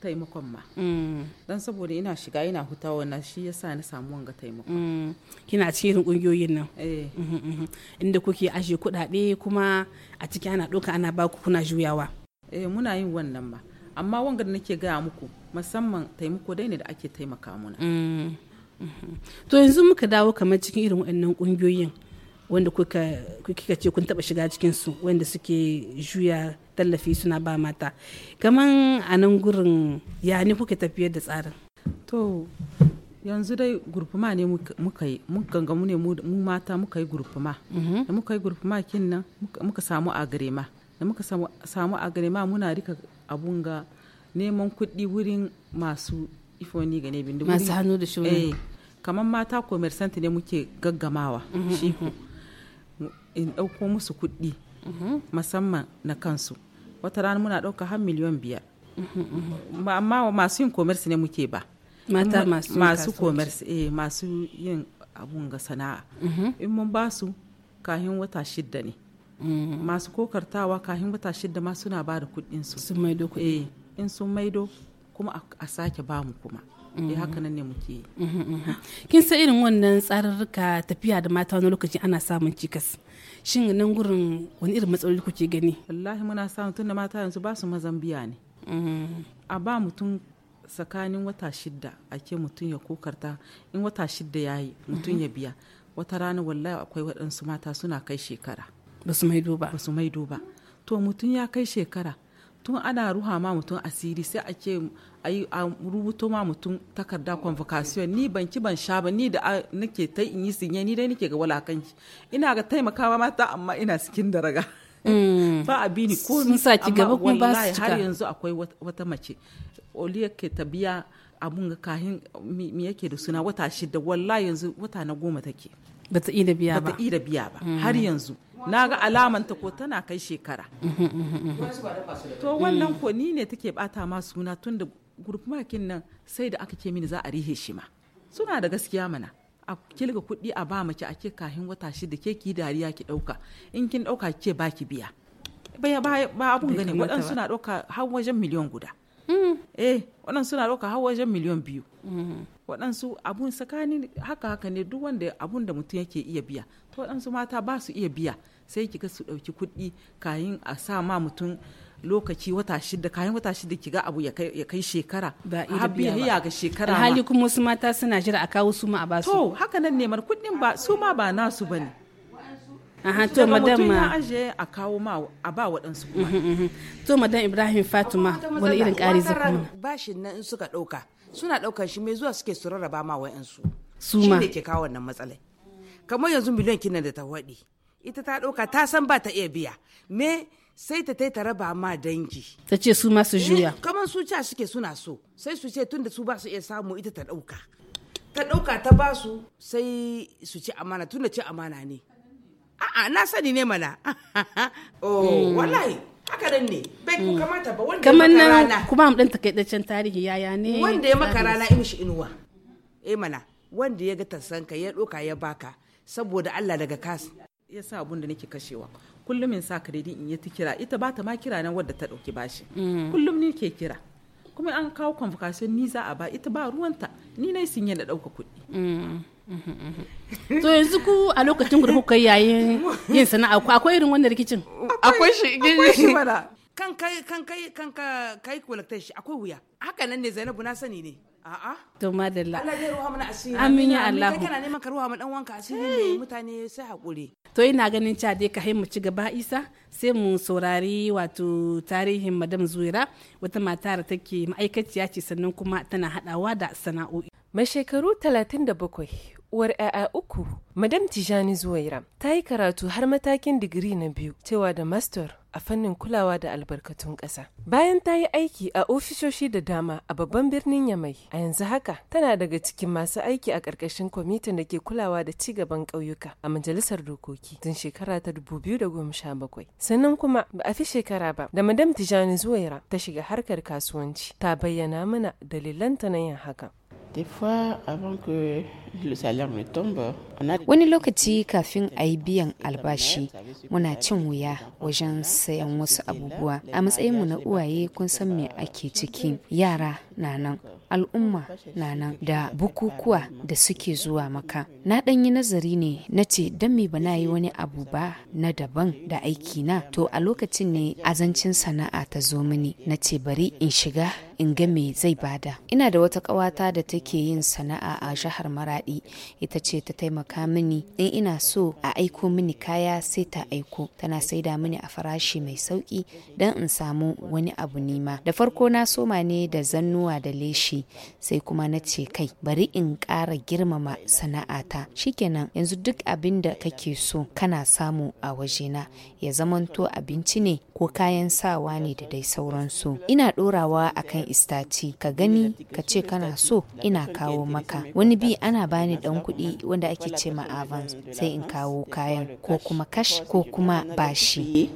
taimakon ma mm. don saboda ina shiga ina huta wannan shi yasa na samu wanga taimakon mm. kina cikin kungiyoyin nan eh. mm-hmm, mm-hmm. inda kuke ashe kudade kuma a ciki ana doka ana ba ku kuna juyawa eh muna yin wannan ma amma wanga da nake gaya muku musamman taimako dai ne da ake taimaka muna mm. mm-hmm. to yanzu muka dawo kamar cikin irin waɗannan kungiyoyin wanda kuka ce kun taba shiga cikin su wanda suke juya tallafi suna ba mata kaman a nan gurin ya ni kuke tafiyar da tsarin to yanzu dai gurfuma ne muka yi gangamu ne mu mata muka yi gurfuma mhm. da muka yi gurfuma kin nan muka samu agrema da muka samu agrema muna rika abun ga neman kuɗi wurin masu ifoni ga ne bindu masu hannu da shuni eh, kamar mata commerçant ne muke gaggamawa mhm, shi mhm. in ɗauko musu kuɗi musamman na kansu wata rana muna ɗauka har miliyan biyar amma masu yin komersi ne muke ba mata masu komersi eh masu yin abun ga sana'a mhm. in mun ba su kahin wata shidda ne mm. masu kokartawa kahin wata shidda ma suna ba da kuɗin su sun maido kuɗi eh, in sun maido kuma a sake ba mu kuma eh mm-hmm. haka nan ne muke mm-hmm, mm-hmm. kin san irin wannan tsarurruka tafiya da mata wani lokaci ana samun cikas shin nan gurin wani irin matsaloli kuke gani wallahi muna samu tunda mata yanzu ba su mazan biya ne mm-hmm. a ba mutum tsakanin wata shidda ake mutum ya kokarta in wata shidda ya yi mutum ya mm-hmm. biya wata rana wallahi akwai waɗansu mata suna kai shekara ba su duba. ba to mutum ya kai shekara tun ana ruha ma mutum asiri sai a ce a rubuto ma mutum takarda convocation ni ban ci ban sha ba ni da nake ta in yi sinye ni dai nake ga walakanci ina ga taimakawa mata amma ina sikin daraga. Mm. ba a bi ni ko saki gaba kuma ba su har yanzu akwai wata mace oliya ke ta biya abun ga kahin me yake da suna wata shida wallahi yanzu wata na goma take bata biya ba bata ida biya ba mm. har yanzu na ga alamanta ko tana kai shekara to wannan ko ni ne take bata ma suna tun da gurfumakin nan sai da aka ke mini za a rihe shi ma suna da gaskiya mana a kilga kuɗi a ba mace a ke kahin wata shida ke ki dariya ki ɗauka in kin ɗauka ke ba biya ba abun gane waɗansu suna ɗauka har wajen miliyan guda Mm. eh waɗansu na ɗauka har wajen miliyan biyu mm. waɗansu abun sakani haka haka ne duk wanda abun da mutum yake iya biya to waɗansu mata ba su iya biya sai kiga su ɗauki kuɗi kayan a sa ma mutum lokaci wata shida kayan wata shida ki ga abu ya kai shekara ba iya ga shekara ma. hali kuma wasu mata suna jira a kawo su ma a basu to haka nan neman kuɗin ba su ma ba nasu bane Aha, to madam ma. aje a kawo ma a ba waɗansu kuma. Mm, mm, mm, to madam Ibrahim Fatima, wani irin ƙari zai kuma. Bashin nan in suka ɗauka suna ɗaukar shi mai zuwa suke su rarraba ma wa'ansu. Su ma. Shi ke kawo wannan matsalai. Kamar yanzu miliyan kinan da ta waɗi. Ita ta ɗauka ta san ba ta iya biya. Me sai ta ta raba ma dangi. Ta ce su ma su eh, juya. Kamar su ca suke suna so. Sai su ce tunda su ba su iya samu ita ta ɗauka. Ta ɗauka ta ba su sai su ci amana tunda ci amana ne. a'a na sani ne mana oh hmm. wallahi haka dan ne bai ku hmm. kamata ba wanda ya nan kuma am dan takaitaccen tarihi yaya ne wanda ya maka rana in shi inuwa eh mana wanda ya ga Tansanka ya doka ya baka saboda Allah daga kas ya sa abun da nake kashewa kullum in sa kredi in yi ta kira ita ba ta ma kira nan wadda ta dauki bashi hmm. kullum ni ke kira kuma an kawo convocation ni za a ba ita ba ruwanta ni nai sun da dauka kuɗi to yanzu ku a lokacin da kai yayin yin sana'a ku akwai irin wannan rikicin akwai shi mana kan kai kan kai kan kai shi akwai wuya haka nan ne Zainabu na sani ne a'a to madalla Allah zai ruwa mana asiri amin ya Allah kai kana neman ka dan wanka asiri ne mutane sai hakuri to ina ganin cha dai ka mu ci gaba Isa sai mu saurari wato tarihin madam Zuira wata mata da take ma'aikaciya ce sannan kuma tana hadawa da sana'o'i mai shekaru 37 uwar 'ya'ya uku madam tijani zuwaira ta yi karatu har matakin digiri na biyu cewa da master a fannin kulawa da albarkatun ƙasa bayan ta yi aiki a ofisoshi da dama a babban birnin yamai a yanzu haka haka tana daga cikin masu aiki a ƙarƙashin kwamitin da ke kulawa da ci gaban ƙauyuka a majalisar dokoki tun shekara ta biyu da bakwai sannan kuma ba a fi shekara ba da madam tijani zuwaira ta shiga harkar kasuwanci ta bayyana mana dalilanta na yin haka Wani lokaci kafin a yi biyan albashi muna cin wuya wajen sayan wasu abubuwa. A matsayinmu na uwaye kun san me ake ciki yara na nan al'umma na nan da bukukuwa da suke zuwa maka na ɗan yi nazari ne na ce don me bana yi wani abu ba na daban da aiki na to a lokacin ne azancin sana'a ta zo mini na ce bari in shiga in ga me zai bada ina da wata ƙawata da take yin sana'a a jihar maradi ita ce ta taimaka mini in ina so a aiko mini kaya sai ta aiko tana saida mini a farashi mai sauki don in samu wani abu nima da farko na soma ne da zannuwa da leshi sai kuma na ce kai bari in ƙara girmama sana'ata shikenan yanzu duk abin da kake so kana samu a wajena ya zamanto abinci ne ko kayan sawa ne da dai sauransu ina ɗorawa akan istaci ka gani ka ce kana so ina kawo maka wani bi ana bani dan kuɗi wanda ake ce ma avance sai in kawo kayan ko kuma kash ko kuma bashi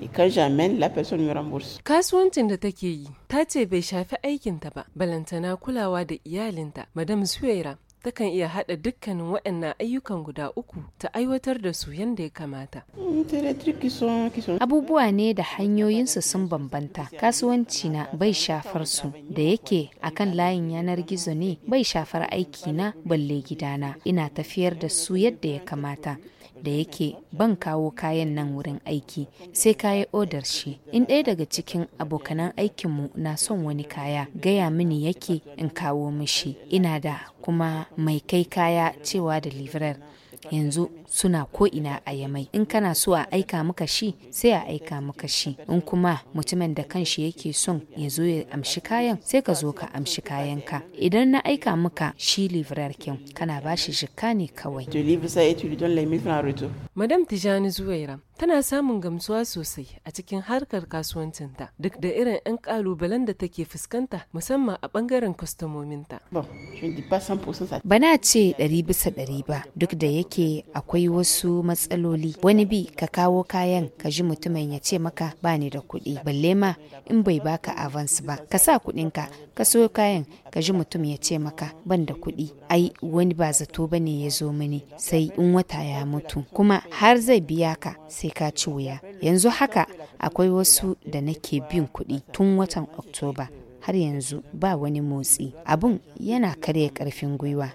kasuwancin da take yi ta ce bai shafi aikinta ba balantana kulawa da iyalinta madam suwaira takan iya haɗa dukkanin waɗannan ayyukan guda uku ta aiwatar da su yadda ya kamata. Abubuwa ne da hanyoyinsu sun bambanta, kasuwanci na bai shafar su da yake akan layin yanar gizo ne bai shafar aiki na balle gidana, ina tafiyar da su yadda ya kamata. da yake ban kawo kayan nan wurin aiki sai ka yi odar shi in ɗaya daga cikin abokanan aikinmu na son wani kaya gaya mini yake in kawo mishi ina da kuma mai kai kaya cewa da livrar yanzu suna ko ina a yamai in kana so a aika maka shi sai a aika maka shi in kuma mutumin da kanshi yake son ya zo ya amshi kayan sai ka zo ka amshi kayan ka idan na aika maka shi livrarkin kana bashi shikka ne kawai madam tijani zuwaira Tana samun gamsuwa sosai a cikin harkar kasuwancinta duk da irin 'yan kalubalen da take fuskanta musamman a bangaren kwastomominta. Bana ce ɗari bisa ɗari ba duk da yake akwai wasu matsaloli wani bi ka kawo kayan ka ji mutumin ya ce maka ba ni da kuɗi balle ma in bai baka avans ba ka sa kuɗinka ka so kayan ka ji mutum ya ce maka ban da kuɗi ai wani ba zato ba ne ya zo mini sai in wata ya mutu kuma har zai biya ka sai ka ci wuya. Yanzu haka akwai wasu da nake bin kuɗi tun watan Oktoba har yanzu ba wani motsi abun yana karya karfin gwiwa.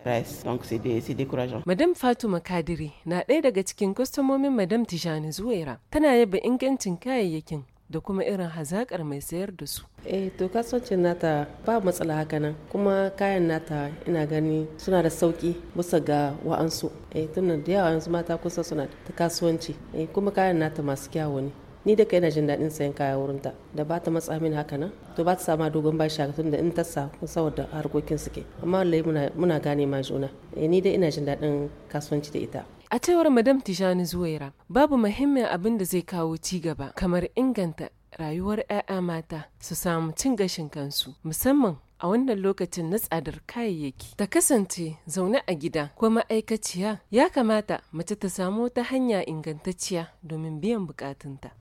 Madam Fatuma Kadiri na ɗaya daga cikin kwastomomin Madam Tijani Zuwaira tana yaba ingancin kayayyakin da kuma irin hazakar mai sayar da su. Eh to kasuwancin nata ba matsala haka nan kuma kayan nata ina gani suna da sauki bisa ga wa'ansu. Eh tunda da yawa yanzu mata kusa suna da kasuwanci eh kuma kayan nata masu kyawu ne. ni da kai na jin daɗin sayan kaya wurin ta da ba ta matsa min haka nan to ba ta sama dogon bashi haka tun da in ta sa saboda harkokin suke amma lai muna gane ma juna eh ni da ina jin daɗin kasuwanci da ita A cewar Madam Tijani Zuwaira, babu muhimmin abin da zai kawo ci gaba kamar inganta rayuwar 'ya'ya mata su samu cin gashin kansu musamman a wannan lokacin na tsadar kayayyaki ta kasance zaune a gida ko ma'aikaciya ya kamata mace ta samu ta hanya ingantacciya domin biyan bukatunta.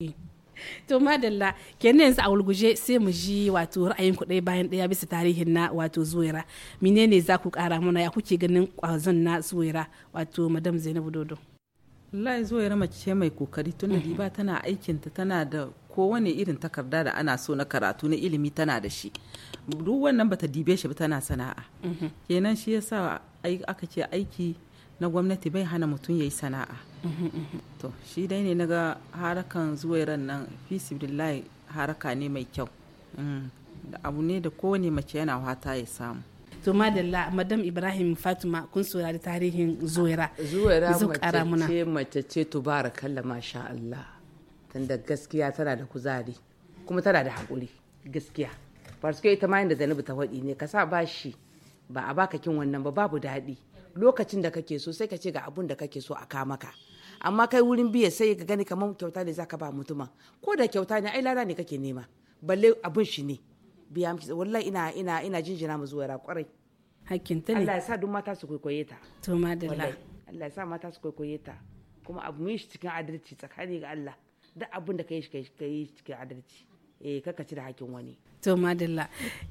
to madalla kenan yanzu a wulguje sai mu ji wato ra'ayin ku ɗaya bayan ɗaya bisa tarihin na wato zuwaira menene za ku ƙara mana ya kuke ganin ƙwazon na zuwaira wato madam zainabu dodo wallahi zuwaira mace mai kokari tun da ba tana aikinta tana da kowane irin takarda da ana so na karatu na ilimi tana da shi duk wannan bata dibe shi ba tana sana'a mhm. kenan shi yasa aka ce aiki na gwamnati bai hana mutum ya yi sana'a to shi dai ne naga harakan zuwairan nan fisibillahi haraka ne mai kyau mm. da abu ne da kowane mace yana wata ya samu to madalla madam ibrahim fatima kun saurari tarihin zuwaira zuwaira mace ce mace ce barakalla masha Allah da gaskiya tana da kuzari kuma tana da haƙuri gaskiya farsuke ita ma yadda zanubu ta waɗi ne ka sa bashi ba a baka kin wannan ba babu daɗi lokacin da kake so sai ka ce ga abun da kake so a ka maka amma kai wurin biya sai ka gani kamar kyauta ne zaka ba mutuma ko da kyauta ne ai lada ne kake nema balle abin shi ne biya miki wallahi ina ina ina jinjina mu zuwa kwarai hakkin ta ne Allah ya sa duk mata su kwaikwaye ta to madalla Allah ya sa mata su koyoye ta kuma abu mu shi cikin adalci tsakani ga Allah duk abin da kai shi kai cikin adalci eh kaka ci da hakkin wani to madalla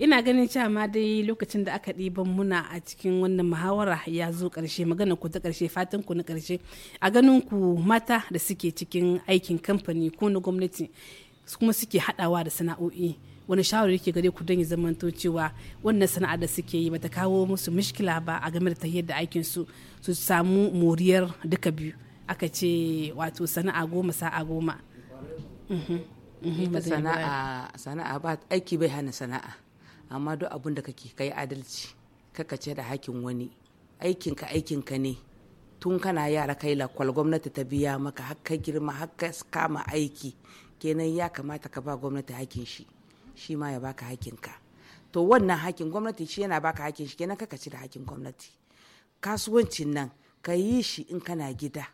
ina ganin cewa ma dai lokacin da aka ɗiban muna a cikin wannan muhawara ya zo ƙarshe magana ku ta ƙarshe fatan ku na ƙarshe a ganin ku mata da suke cikin aikin kamfani ko na gwamnati kuma suke haɗawa da sana'o'i wani shawarar yake gare ku don ya zamanto cewa wannan sana'a da suke yi bata kawo musu mishkila ba a game da tahiyar da aikin su su samu moriyar duka biyu aka ce wato sana'a goma sa'a goma. Mhm. sana'a sana'a ba aiki bai hana sana'a amma duk abin da kake kai adalci kaka ce da hakin wani aikinka aikinka ne tun kana yara kai lakwal gwamnati ta biya maka har girma har kama aiki kenan ya kamata ka ba gwamnati hakin shi shi ma ya baka hakinka to wannan hakin gwamnati shi yana baka hakin shi kenan kaka ci da hakin gwamnati kasuwancin nan ka yi shi in kana gida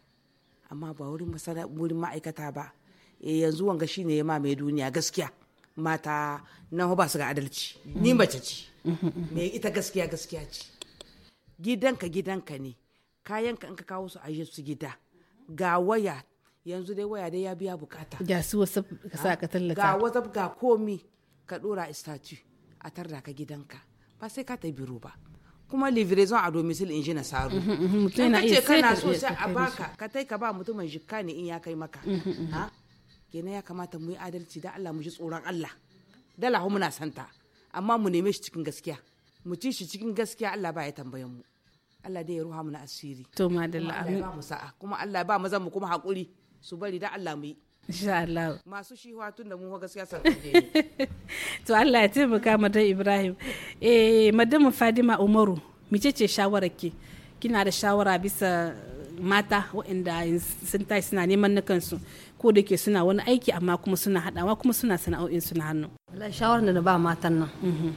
amma ba wurin ma'aikata ba e yanzu wanga shine ya mai duniya gaskiya mata na ba su ga adalci ni mm. mace ce mm, mm, me ita gaskiya gaskiya ce gidanka gidanka ne kayanka in ka kawo su aje su gida ga waya yanzu dai waya dai ya biya bukata ga su wasu ka sa ka ah, tallata ga wasu ga komi ka dora statu a tarda ka gidanka ba sai ka ta biro ba kuma livraison a domicile in ji na saru mutum na iya sai kana so sai a baka ka tai ka ba mutumin jikka ne in ya kai maka ah? kenan ya kamata mu yi adalci da Allah mu ji tsoron Allah dala hu muna santa amma mu neme shi cikin gaskiya mu ci shi cikin gaskiya Allah ba ya tambayan mu Allah dai ya ruha mu na asiri to madalla amin ba mu sa'a kuma Allah ba mazan mu kuma hakuri su bari da Allah mu yi insha Allah masu shi tun tunda mu gaskiya san to Allah ya taimaka madan Ibrahim eh madam Fadima Umaru mice ce shawarar ki kina da shawara bisa mata waɗanda sun tashi suna neman na kansu ko da ke suna wani aiki amma kuma suna haɗawa kuma suna sana'o'in suna hannu wallahi shawarar da na ba matan nan mhm.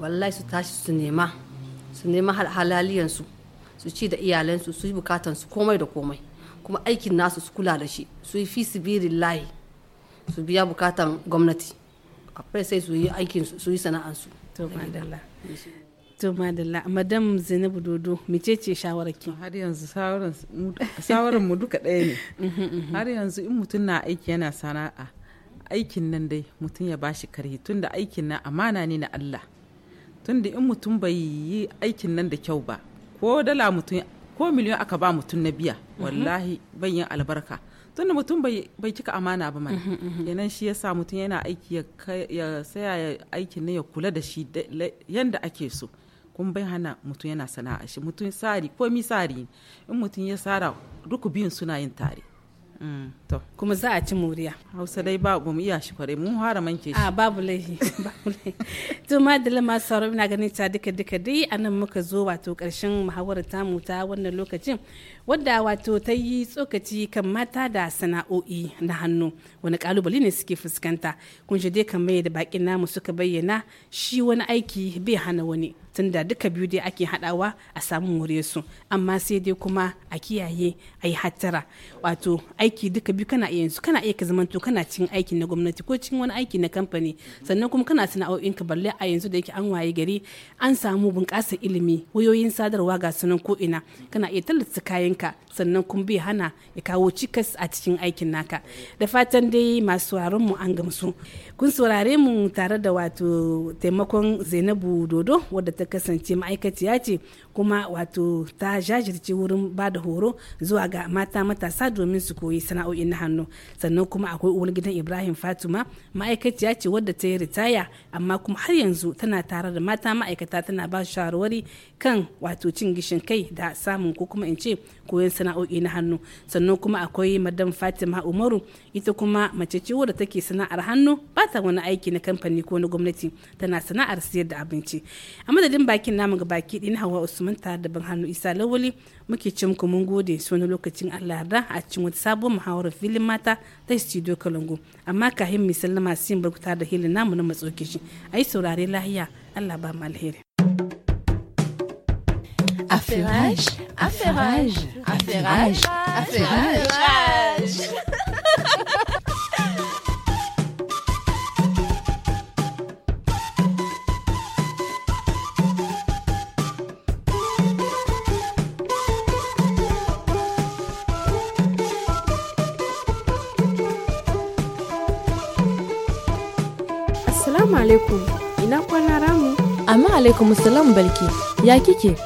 wallahi su tashi su nema su nema halaliyansu su ci da iyalansu su yi bukatansu komai da komai kuma aikin nasu su kula da shi su yi fi sibirin layi su biya bukatan gwamnati akwai sai su yi aikin su yi sana'ansu to madalla madam zainabu dodo mece ce shawararki har yanzu shawarar mu duka ɗaya ne har yanzu in mutum na aiki yana sana'a aikin nan dai mutum ya bashi karhi tunda aikin nan amana ne na Allah tunda in mutum bai yi aikin nan da kyau ba ko dala mutum ko miliyan aka ba mutum na biya wallahi ban yin albarka tunda mutum bai cika amana ba mana yanan shi yasa mutum yana aiki ya saya aikin ne ya kula da shi yanda ake so kun bai hana mutum yana sana'a shi mutum sari komi sari in mutum ya sara duku biyun suna yin tare mm. to kuma za a ci moriya hausa dai ba mu iya shi kware mun fara manke shi a ah, babu laifi babu laifi to madalla lamar sauraro ina ganin ta duka duka dai anan muka zo wato karshen muhawarar mu ta wannan lokacin wadda wato ta yi tsokaci kan mata da sana'o'i na hannu wani kalubale ne suke fuskanta kun shi dai kamar da bakin namu suka bayyana shi wani aiki bai hana wani tunda duka biyu dai ake hadawa a samu more su amma sai dai kuma a kiyaye a yi hattara wato aiki duka biyu kana iya yanzu kana iya ka to kana cikin aiki na gwamnati ko cikin wani aiki na kamfani sannan kuma kana sana'o'in ka balle a yanzu da yake an waye gari an samu bunƙasar ilimi wayoyin sadarwa ga sunan ko ina kana iya tallata kayan ka sannan kuma bai hana ya kawo cikas a cikin aikin naka da fatan dai masu mu an gamsu kun saurare mu tare da wato taimakon zainabu dodo wadda ta kasance ma'aikaciya ce kuma wato ta jajirce wurin ba da horo zuwa ga mata matasa domin su koyi sana'o'i na hannu sannan kuma akwai uwar gidan ibrahim fatima ma'aikaciya ce wadda ta yi ritaya amma kuma har yanzu tana tare da mata ma'aikata tana ba shawarwari kan wato cin gishin kai da samun ko kuma in ce koyon sana'o'i na hannu sannan kuma akwai madam fatima umaru ita kuma mace ce wadda take sana'ar hannu ba ta wani aiki na kamfani ko na gwamnati tana sana'ar siyar da abinci a madadin bakin namu ga baki ɗin hawa usman tare da ban hannu isa lawali muke ci muku mun gode su wani lokacin allah yarda a cikin wata sabuwar muhawarar filin mata ta studio kalungu amma kahin misali na masu yin barkuta da hilin namu na matsokishi a yi saurare lahiya allah ba mu alheri Affairage, affairage, affairage, affairage. Assalamu alaikum, ina kwana ramu? Amma alaikum salam balki, ya kike?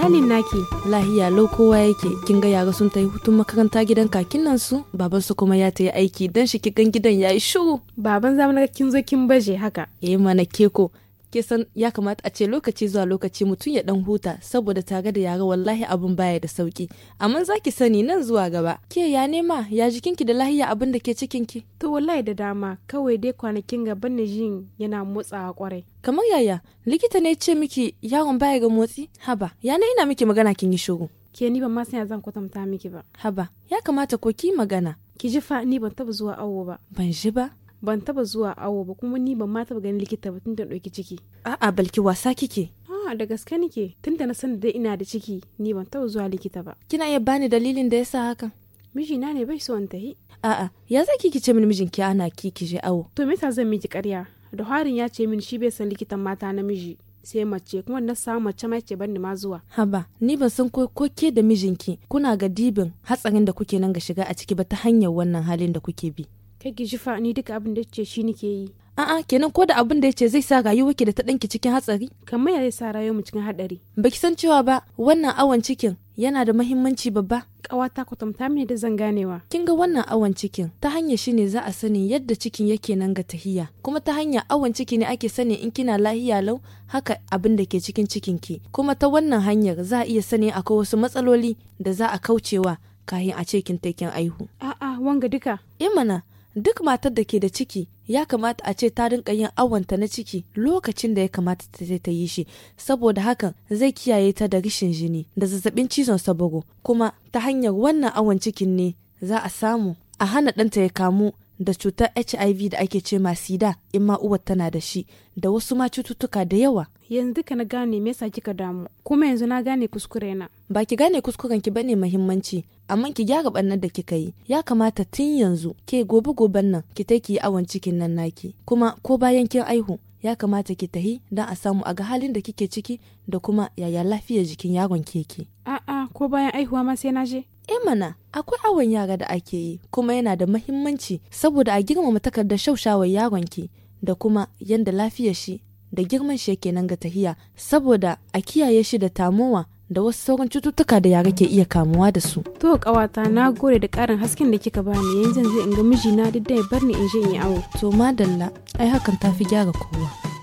iyalin naki lahiya lau kowa yake kin ga yara sun yi hutun makaranta gidan kakin nan su baban su kuma ya tayi aiki dan shi kigan gidan yi shu baban zamanar kin zo kin baje haka eh mana keko ke san ya kamata a ce lokaci zuwa lokaci mutum ya dan huta saboda tare da yara wallahi abun baya da sauki amma za ki sani nan zuwa gaba ke ya nema ya jikinki da lahiya abin da ke cikinki to wallahi da dama kawai dai kwanakin gaban ne jin yana motsawa kwarai kamar yaya likita ne ce miki yaron baya ga motsi haba na ina miki magana kin yi shiru ke ni ba ma san zan kwatanta miki ba haba ya kamata ko ki magana ki ji fa ni ban taba zuwa awo ba ban ji ba ban taba zuwa awo ba kuma ni ban ma taba ganin likita ba tun da ɗauki ciki a'a balki wasa kike a da gaske nike tun da na san da ina da ciki ni ban taba zuwa likita ba kina iya bani dalilin da yasa hakan mijina ne bai so in tahi a'a ya za ki ce min mijinki ana ki ki je awo to me zan miki ƙarya da harin ya ce min shi bai san likitan mata namiji sai mace kuma na samu mace ma ce ban ma zuwa. Haba, ni ban san ko ko ke da mijinki kuna ga dibin hatsarin da kuke nan ga shiga a ciki ba ta hanyar wannan halin da kuke bi. kai ki jifa ni duk abin da ce shi nake yi a'a kenan ko da abin da yace zai sa rayuwar ki da ta danki cikin hatsari kamar ya sa rayuwar cikin hadari baki san cewa ba wannan awon cikin yana da mahimmanci babba kawata kwatanta mini da zan ganewa kin ga wannan awon cikin ta hanyar shine za a sani yadda cikin yake nan ga tahiya kuma ta hanya awon ciki ne ake sani in kina lahiya lau haka abin da ke cikin cikin ki kuma ta wannan hanyar za a iya sani akwai wasu matsaloli da za a kaucewa kahin a ce kin aihu a'a wanga duka imana eh duk matar da ke da ciki ya kamata a ce ta rinka yin awanta na ciki lokacin da ya kamata ta ta yi shi saboda hakan zai kiyaye ta da rishin jini da zazzabin cizon sabago kuma ta hanyar wannan awon cikin ne za a samu a hana ɗanta ya kamu da cutar hiv da ake ce ma sida in ma uwar tana da shi da wasu ma cututtuka da yawa yanzu ka na gane me yasa kika damu kuma yanzu na gane kuskurena. ba ki gane kuskuren ki bane muhimmanci amma ki gyara bannan da kika yi ya kamata tun yanzu ke gobe goben nan ki ta ki awon cikin nan naki kuma ko bayan kin aihu ya kamata ki tahi dan a samu a ga halin da kike ciki da kuma yaya lafiyar jikin yaron keke. A'a ko bayan aihuwa ma sai na je. E mana akwai awon yara da ake yi kuma yana da muhimmanci saboda a girmama takardar shaushawar yaron ki da kuma yanda lafiyar shi da girman shi yake nan ga tahiya saboda a kiyaye shi da tamowa da wasu sauran cututtuka da yara ke iya kamuwa da su. To kawata na gode da karin hasken da kika bani yanzu zai in ga mijina duk da ya bar ni in je in yi awo. To madalla ai hakan ta fi gyara kowa.